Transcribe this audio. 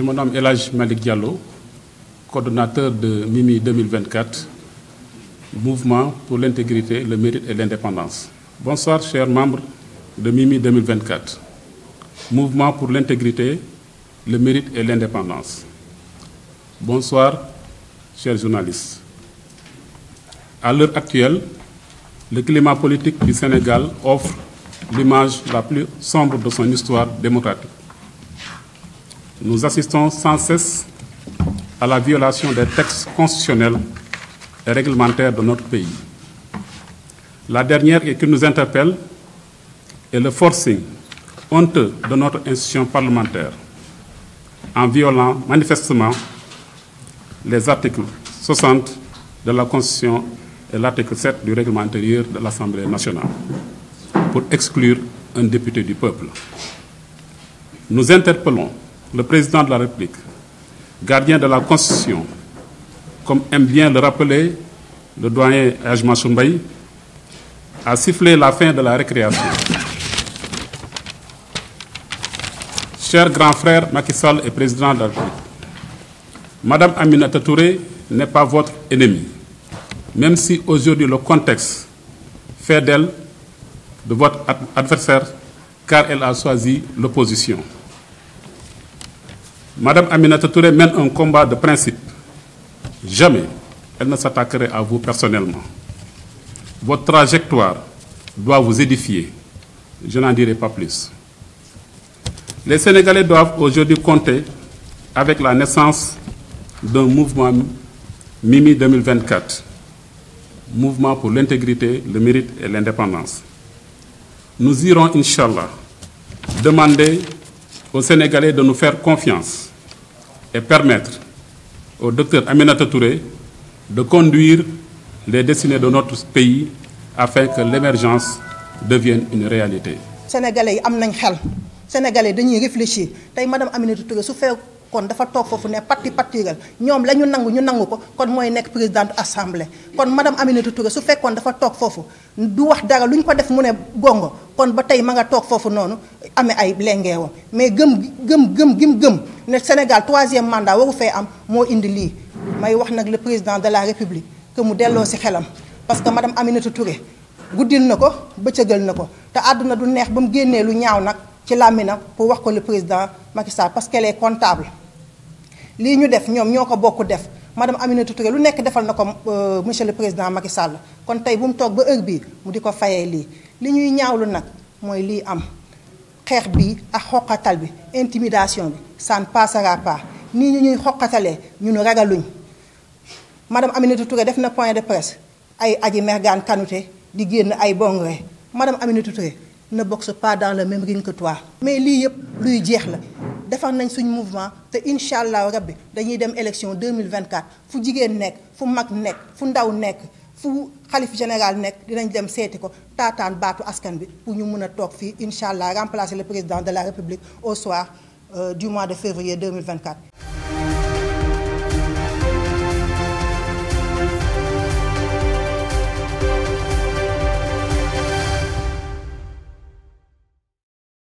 Je me nomme Elage Malik Diallo, coordonnateur de MIMI 2024, Mouvement pour l'intégrité, le mérite et l'indépendance. Bonsoir, chers membres de MIMI 2024, Mouvement pour l'intégrité, le mérite et l'indépendance. Bonsoir, chers journalistes. À l'heure actuelle, le climat politique du Sénégal offre l'image la plus sombre de son histoire démocratique nous assistons sans cesse à la violation des textes constitutionnels et réglementaires de notre pays. La dernière qui nous interpelle est le forcing honteux de notre institution parlementaire en violant manifestement les articles 60 de la Constitution et l'article 7 du règlement intérieur de l'Assemblée nationale pour exclure un député du peuple. Nous interpellons le président de la République, gardien de la Constitution, comme aime bien le rappeler le doyen Ajma Soumbaï, a sifflé la fin de la récréation. Cher grand frère Macky Sall et président de la République, Madame Aminata Touré n'est pas votre ennemie, même si aujourd'hui le contexte fait d'elle de votre adversaire, car elle a choisi l'opposition. Madame Aminata Touré mène un combat de principe. Jamais elle ne s'attaquerait à vous personnellement. Votre trajectoire doit vous édifier. Je n'en dirai pas plus. Les Sénégalais doivent aujourd'hui compter avec la naissance d'un mouvement Mimi 2024, mouvement pour l'intégrité, le mérite et l'indépendance. Nous irons, Inch'Allah, demander aux Sénégalais de nous faire confiance et permettre au docteur Aminata Touré de conduire les destinées de notre pays afin que l'émergence devienne une réalité. Sénégalais yi am nañ xel Sénégalais dañuy réfléchir Tay madame Aminata Touré su fekkoon dafa tok fofu né parti partigal ñom lañu ñu nangu ñu nangu ko kon moy nek présidente assemblée kon madame Aminata Touré su fekkoon dafa tok fofu du wax dara luñ ko def mu né gongo kon ba tay ma nga tok fofu nonu amé ay lengeewam mais gëm gëm gëm gim gëm ne Sénégal troisième mandat waru fay am moo indi lii may wax nag le président de la république que mu delloo si xelam parce que madame Aminata Touré guddil na ko bëccëgal na ko te àdduna du neex ba mu génnee lu ñaaw nag ci làmminam pour wax ko le président Macky Sall parce qu'elle est comptable lii ñu def ñoom ñoo ko bokk def madame Aminata Touré lu nekk defal na ko euh, monsieur le président Macky Sall kon tey bu mu toog ba heure bii mu di ko fayee lii li ñuy ñaawlu nag mooy lii am xeex bi ak xoqatal bi intimidation bi ça ne passera pas ni ñu ñuy xoqatalee ñun ragaluñ madame Aminata Touré def na point de presse ay aji mergaan kanute di génn ay bongre madame Aminata Touré ne boxe pas dans le même ring que toi. mais lii yëpp luy jeex la defar nañ suñ mouvement te inshallah allah rabbi dañuy dem élection 2024 fu jigéen nekk fu mag nekk fu ndaw nekk. Le calife général nek dinañ dem sété ko tatane batu askan bi pour ñu pour a fi inshallah remplacer le président de la république au soir euh, du mois de février 2024